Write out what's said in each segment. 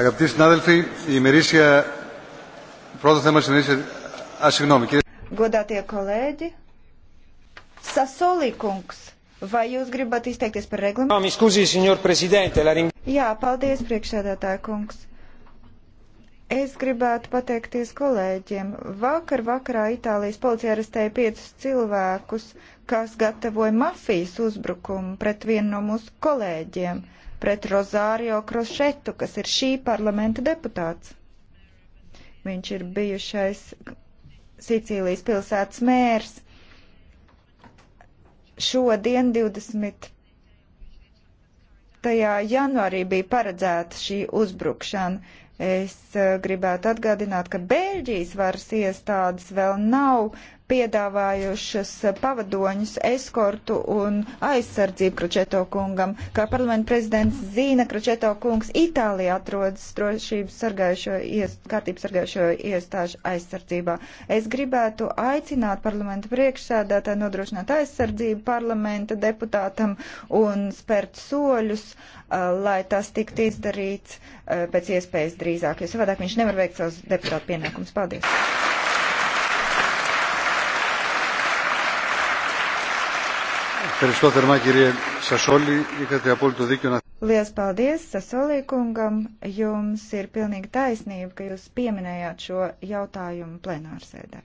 Αγαπητοί συνάδελφοι, η ημερήσια πρώτο θέμα στην ημερήσια... Α, συγγνώμη, κύριε... Godātie kolēģi, Sasolīkungs, vai jūs gribat izteikties par reglamentu? Jā, paldies, priekšsēdētāja kungs. Es gribētu pateikties kolēģiem. Vakar vakarā Itālijas policija arestēja piecus cilvēkus, kas gatavoja mafijas uzbrukumu pret vienu no mūsu kolēģiem. Uh, pret Rozārio Krošetu, kas ir šī parlamenta deputāts. Viņš ir bijušais Sicīlijas pilsētas mērs. Šodien 20. janvārī bija paredzēta šī uzbrukšana. Es eh, gribētu atgādināt, ka Beļģijas varas iestādes vēl nav piedāvājušas pavadoņus, eskortu un aizsardzību Kručeto kungam. Kā parlamenta prezidents zina, Kručeto kungs Itālijā atrodas drošības sargājušo, iest, kārtības sargājušo iestāžu aizsardzībā. Es gribētu aicināt parlamenta priekšsēdētāju nodrošināt aizsardzību parlamenta deputātam un spērt soļus, uh, lai tas tiktu izdarīts uh, pēc iespējas drīzāk, jo savādāk viņš nevar veikt savus deputātu pienākumus. Paldies! Ευχαριστώ θερμά κύριε Σασόλη. Είχατε απόλυτο δίκιο να... Lielas paldies Sasolī kungam. Jums ir pilnīgi taisnība, ka jūs pieminējāt šo jautājumu plenārsēdē.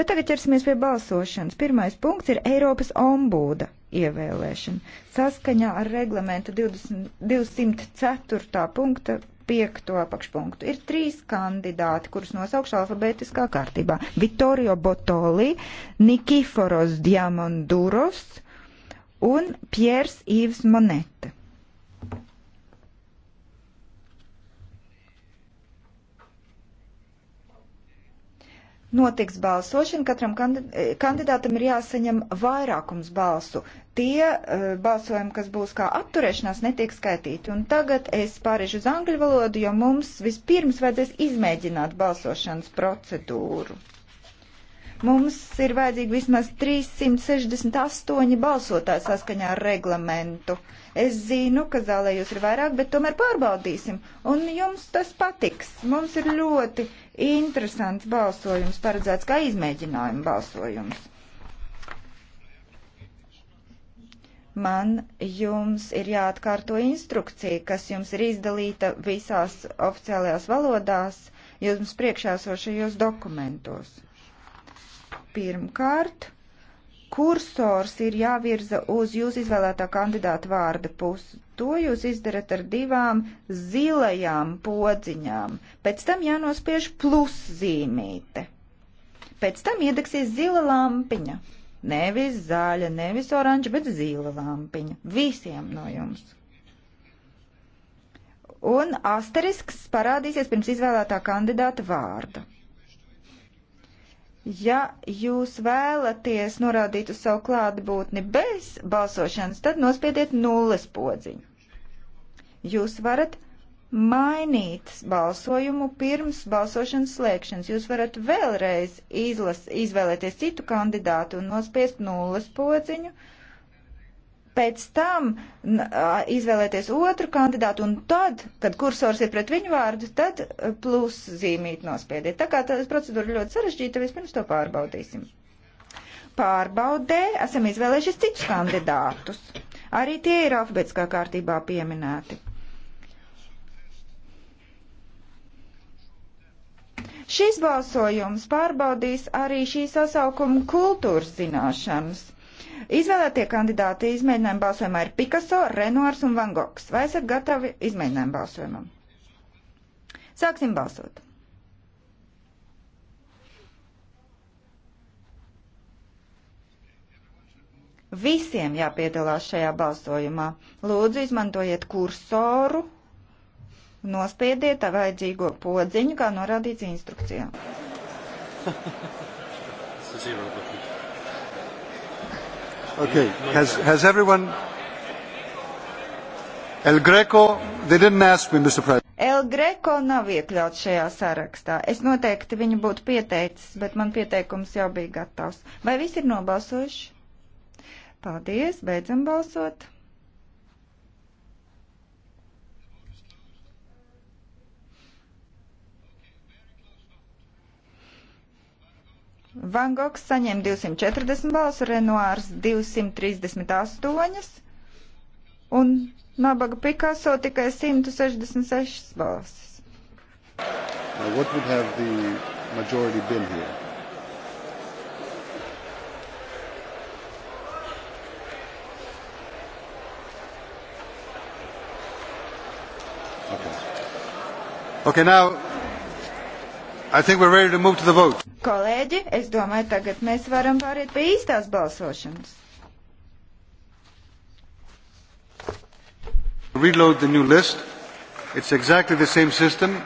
Bet tagad ķersimies pie balsošanas. Pirmais punkts ir Eiropas ombūda ievēlēšana. Saskaņā ar reglamentu 20, 204. punkta piekto apakšpunktu. Ir trīs kandidāti, kurus nosaukšu alfabētiskā kārtībā. Vittorio Botoli, Nikiforos Diamonduros un Piers Īvs Monete. notiks balsošana, katram kandidātam ir jāsaņem vairākums balsu. Tie uh, balsojumi, kas būs kā atturēšanās, netiek skaitīti. Un tagad es pārēšu uz angļu valodu, jo mums vispirms vajadzēs izmēģināt balsošanas procedūru. Mums ir vajadzīgi vismaz 368 balsotāji saskaņā ar reglamentu. Es zinu, ka zālē jūs ir vairāk, bet tomēr pārbaudīsim. Un jums tas patiks. Mums ir ļoti Interesants balsojums paredzēts kā izmēģinājuma balsojums. Man jums ir jāatkārto instrukcija, kas jums ir izdalīta visās oficiālajās valodās jums priekšāsošajos dokumentos. Pirmkārt, kursors ir jāvirza uz jūs izvēlētā kandidāta vārda pusi To jūs izdarat ar divām zilajām podziņām. Pēc tam jānospiež plus zīmīte. Pēc tam iedegsies zila lampiņa. Nevis zaļa, nevis oranža, bet zila lampiņa. Visiem no jums. Un asterisks parādīsies pirms izvēlētā kandidāta vārda. Ja jūs vēlaties norādīt uz savu klātbūtni bez balsošanas, tad nospiediet nulles podziņu. Jūs varat mainīt balsojumu pirms balsošanas slēgšanas. Jūs varat vēlreiz izlas, izvēlēties citu kandidātu un nospiest nulles podziņu. Pēc tam izvēlēties otru kandidātu un tad, kad kursors ir pret viņu vārdu, tad plus zīmīt nospiediet. Tā kā tā procedūra ļoti sarežģīta, vispirms to pārbaudīsim pārbaudē esam izvēlējušies citus kandidātus. Arī tie ir alfabētiskā kārtībā pieminēti. Šis balsojums pārbaudīs arī šī sasaukuma kultūras zināšanas. Izvēlētie kandidāti izmēģinājumu balsojumā ir Picasso, Renoirs un Van Gogs. Vai esat gatavi izmēģinājumu balsojumam? Sāksim balsot! Visiem jāpiedalās šajā balsojumā. Lūdzu, izmantojiet kursoru Nospiediet vajadzīgo podziņu, kā norādīts instrukcijā. okay. Has, has everyone... El Greco, they didn't ask me, Mr. President. El Greco nav iekļauts šajā sarakstā. Es noteikti viņu būtu pieteicis, bet man pieteikums jau bija gatavs. Vai visi ir nobalsojuši? Paldies, beidzam balsot. Van Gogs saņēma 240 balsu, Renoārs 238 un nabaga Picasso tikai 166 balsis. Now what would have the majority been here? Okay. Okay, now To to Kolēģi, es domāju, tagad mēs varam pāriet pie īstās balsošanas. Reload the new list. It's exactly the same system.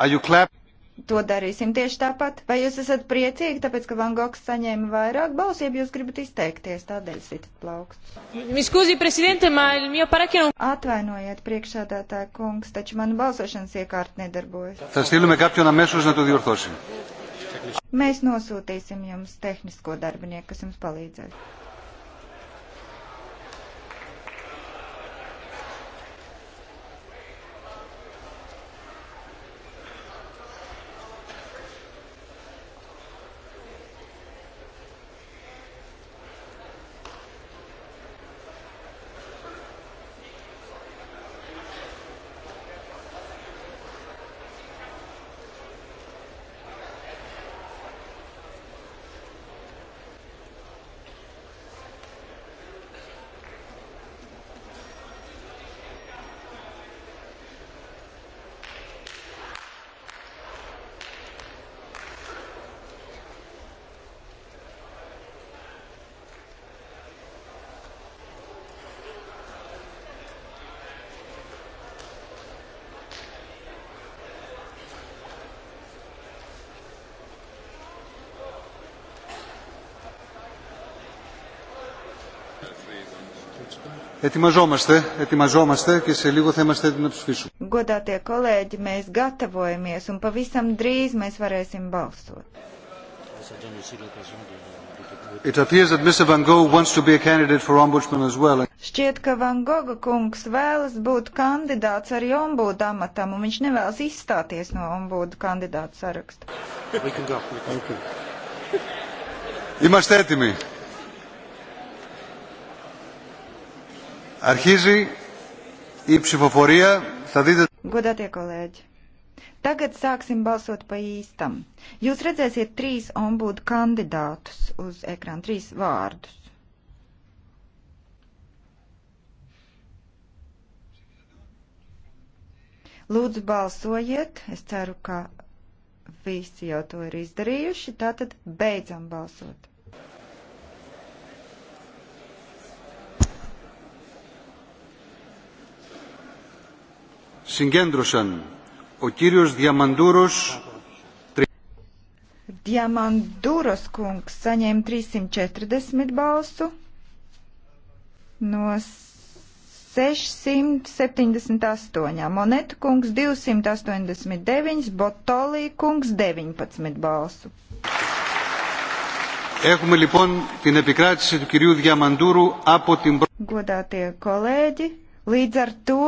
Are you clapping? to darīsim tieši tāpat. Vai jūs esat priecīgi, tāpēc, ka Van Gogs saņēma vairāk balsu, ja jūs gribat izteikties, tādēļ sitat plaukstu? Atvainojiet, priekšādātā kungs, taču mana balsošanas iekārta nedarbojas. Mēs nosūtīsim jums tehnisko darbinieku, kas jums palīdzēs. Ετοιμαζόμαστε, ετοιμαζόμαστε και σε λίγο θα είμαστε έτοιμοι να ψηφίσουμε. Godātie kolēģi, mēs gatavojamies un pavisam drīz mēs varēsim balsot. It appears that Mr. Van Gogh wants to be a candidate for ombudsman as well. Šķiet, ka Van Gogha kungs vēlas būt kandidāts arī ombuda amatam, un viņš nevēlas izstāties no ombuda kandidāta saraksta. We can go. We can go. Είμαστε έτοιμοι. Αρχίζει η ψηφοφορία. Θα δείτε... Godātie kolēģi, tagad sāksim balsot pa īstam. Jūs redzēsiet trīs ombudu kandidātus uz ekrāna, trīs vārdus. Lūdzu, balsojiet. Es ceru, ka visi jau to ir izdarījuši. Tātad beidzam balsot. συγκέντρωσαν ο κύριος Διαμαντούρος Diamandūros kungs saņēma 340 balsu no 678, Monetu kungs 289, Botolī kungs 19 balsu. Έχουμε λοιπόν την επικράτηση του κυρίου Διαμαντούρου από την... Godātie kolēģi, līdz ar to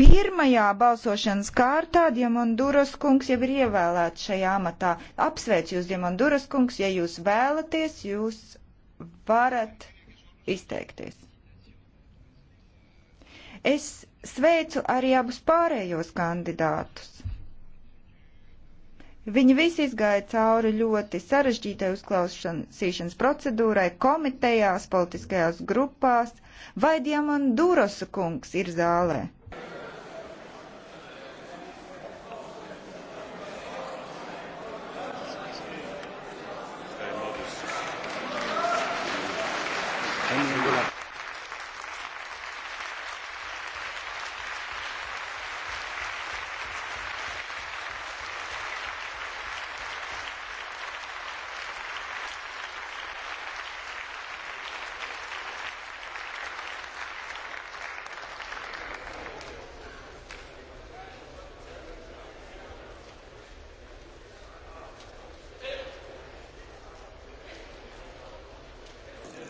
Pirmajā balsošanas kārtā Diemonduras kungs jau ir ievēlēts šajā amatā. Apsveic jūs, Diemonduras kungs, ja jūs vēlaties, jūs varat izteikties. Es sveicu arī abus pārējos kandidātus. Viņi visi izgāja cauri ļoti sarežģītai uzklausīšanas procedūrai, komitejās, politiskajās grupās, vai Diamandurosa kungs ir zālē.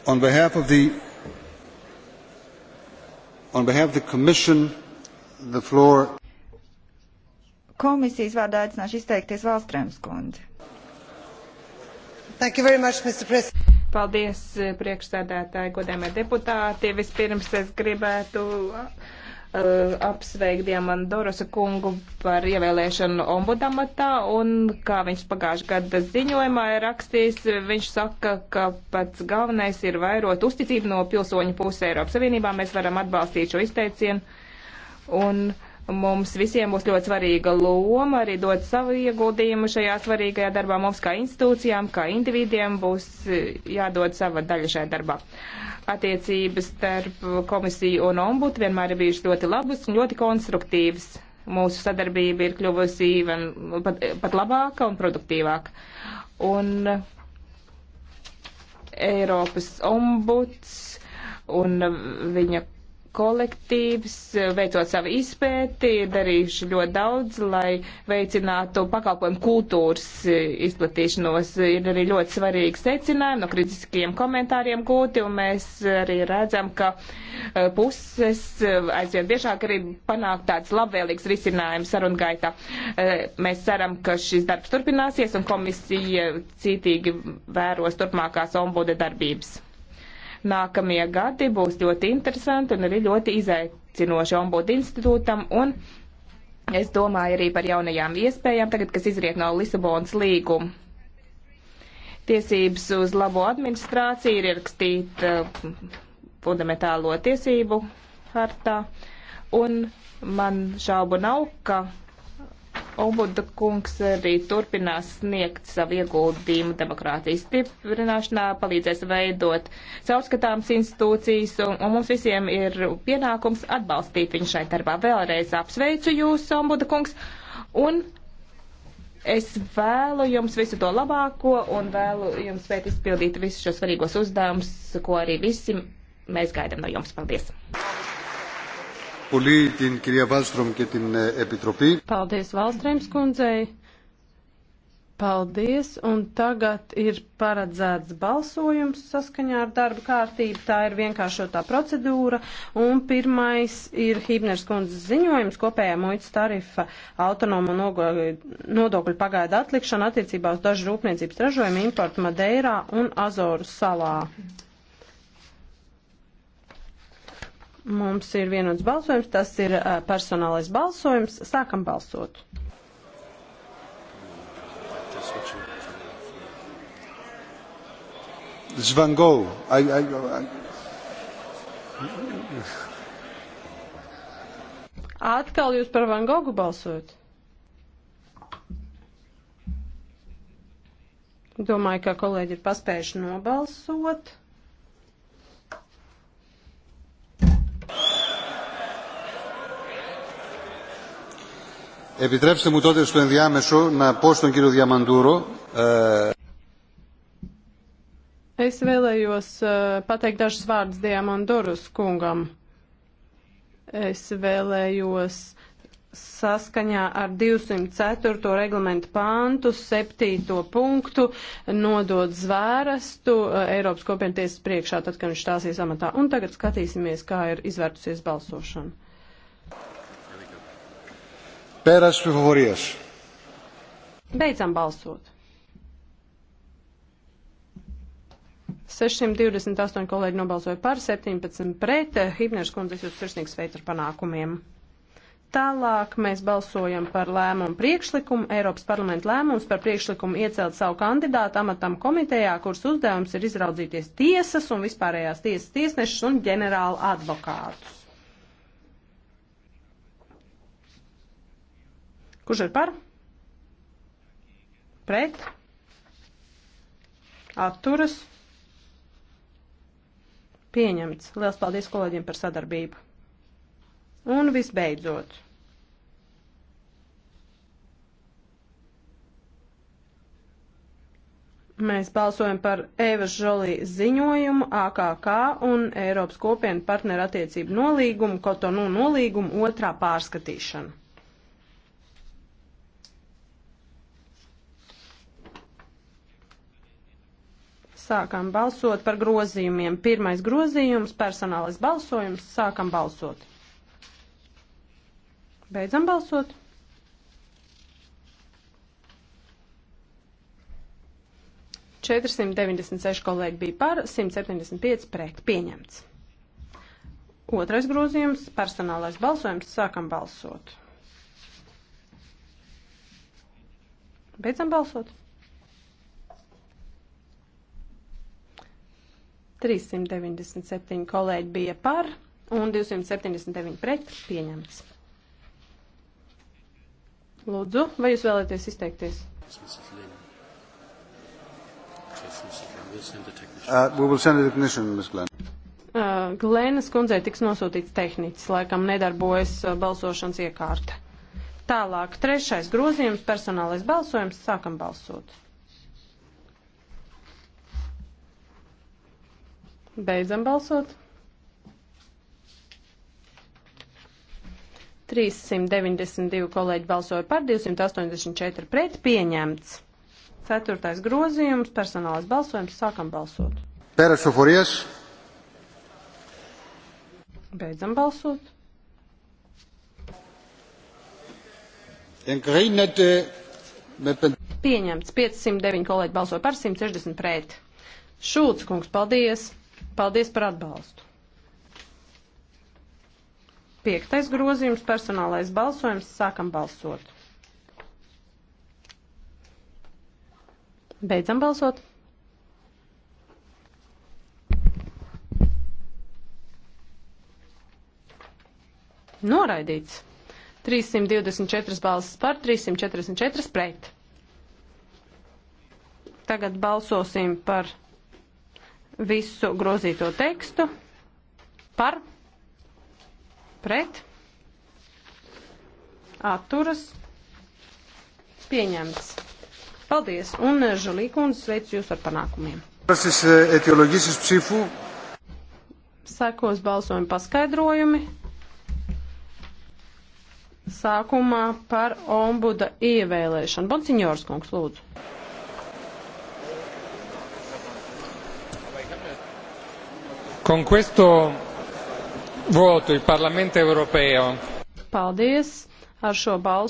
on behalf of the on behalf of the commission the floor komisijas vārdā aicināšu izteikties Valstrēms kundzi. Thank you very much, Mr. President. Paldies, priekšsēdētāji, godējumie deputāti. Vispirms es gribētu Eh, apsveikt Diamandorusa kungu par ievēlēšanu ombudamatā, un kā viņš pagājušā gada ziņojumā ir rakstījis, viņš saka, ka pats galvenais ir vairot uzticību no pilsoņu puses Eiropas Savienībā. Mēs varam atbalstīt šo izteicienu. Un uh, Mums visiem būs ļoti svarīga loma arī dot savu ieguldījumu šajā svarīgajā darbā. Mums kā institūcijām, kā individiem būs e, jādod sava daļa šajā darbā. Attiecības starp komisiju un ombudu vienmēr ir bijušas ļoti labas un ļoti konstruktīvas mūsu sadarbība ir kļuvusi even, pat, pat labāka un produktīvāka. Un Eiropas ombuds un viņa kolektīvs, veicot savu izpēti, ir darījuši ļoti daudz, lai veicinātu pakalpojumu kultūras izplatīšanos. Ir arī ļoti svarīgi secinājumi no kritiskiem komentāriem gūti, un mēs arī redzam, ka e, puses e, aizvien biežāk arī panāk tāds labvēlīgs risinājums sarungaitā. E, mēs ceram, ka šis darbs turpināsies, un komisija cītīgi vēros turpmākās ombude darbības. Nākamie gadi būs ļoti interesanti un arī ļoti izaicinoši ombudu institūtam un es domāju arī par jaunajām iespējām tagad, kas izriet no Lisabonas līguma. Tiesības uz labo administrāciju ir ierakstīta uh, fundamentālo tiesību hartā un man šaubu nav, ka Ombuda kungs arī turpinās sniegt savu ieguldījumu demokrātijas stiprināšanā, palīdzēs veidot caurskatāmas institūcijas, un, un mums visiem ir pienākums atbalstīt viņu šai darbā. Vēlreiz apsveicu jūs, Ombuda kungs, un es vēlu jums visu to labāko, un vēlu jums spēt izpildīt visus šos svarīgos uzdevumus, ko arī visi mēs gaidām no jums. Paldies! πολύ την κυρία Βάλστρομ και την Επιτροπή. Paldies Valstrēms kundzei. Paldies, un tagad ir paredzēts balsojums saskaņā ar darba kārtību. Tā ir vienkāršotā procedūra, un pirmais ir Hībners kundzes ziņojums kopējā muitas tarifa autonomu nodokļu pagaidu atlikšana attiecībā uz dažu rūpniecības ražojumu importu Madeirā un Azoru salā. Mums ir vienots balsojums, tas ir personālais balsojums. Sākam balsot. Zvango. I, I, I... Atkal jūs par Van Gogu balsojat? Domāju, ka kolēģi ir paspējuši nobalsot. Επιτρέψτε μου τότε στο ενδιάμεσο να πω στον κύριο Διαμαντούρο. Ε... Es vēlējos uh, pateikt dažus vārdus Diamandurus kungam. Es vēlējos saskaņā ar 204. reglamentu pāntu, 7. punktu, nodot zvērestu e, Eiropas kopienties priekšā, tad, kad viņš stāsīs amatā. Un tagad skatīsimies, kā ir izvērtusies balsošana. Pērās Fifavorijas. Beidzam balsot. 628 kolēģi nobalsoja par, 17 pret. Hibners kundze, es jūs sirsnīgi sveicu ar panākumiem. Tālāk mēs balsojam par lēmumu priekšlikumu, Eiropas parlamenta lēmums par priekšlikumu iecelt savu kandidātu amatam komitejā, kuras uzdevums ir izraudzīties tiesas un vispārējās tiesas tiesnešus un ģenerāla advokātus. Kurš ir par? Pret? Atturas? Pieņemts. Liels paldies kolēģiem par sadarbību. Un visbeidzot. Mēs balsojam par Eva Žolī ziņojumu AKK un Eiropas kopienu partnerattiecību nolīgumu, Kotonu nolīgumu otrā pārskatīšanu. sākam balsot par grozījumiem. Pirmais grozījums - personālais balsojums. Sākam balsot. Beidzam balsot. Četrsimt deviņdesmit seši kolēģi bija par, simt septiņdesmit pieci pret pieņemts. Otrais grozījums - personālais balsojums. Sākam balsot. Beidzam balsot. 397 kolēģi bija par un 279 pret pieņemts. Lūdzu, vai jūs vēlaties izteikties? Uh, Glēnas uh, kundzei tiks nosūtīts tehnicis, laikam nedarbojas uh, balsošanas iekārta. Tālāk, trešais grozījums, personālais balsojums, sākam balsot. Beidzam balsot. 392 kolēģi balsoja par, 284 pret, pieņemts. Ceturtais grozījums, personālais balsojums, sākam balsot. Pēras Uforijas. Beidzam balsot. Pieņemts 509 kolēģi balsoja par, 160 pret. Šūts kungs, paldies! Paldies par atbalstu. Piektais grozījums - personālais balsojums. Sākam balsot. Beidzam balsot. Noraidīts. 324 balsis par, 344 pret. Tagad balsosim par visu grozīto tekstu par, pret, atturas, pieņemts. Paldies, un eh, Žalīkundze sveicu jūs ar panākumiem. Eh, Sekos balsojuma paskaidrojumi. Sākumā par ombuda ievēlēšanu. Bonsignors kungs, lūdzu. Con questo voto il Parlamento europeo. Paldies. Ar šo balsu.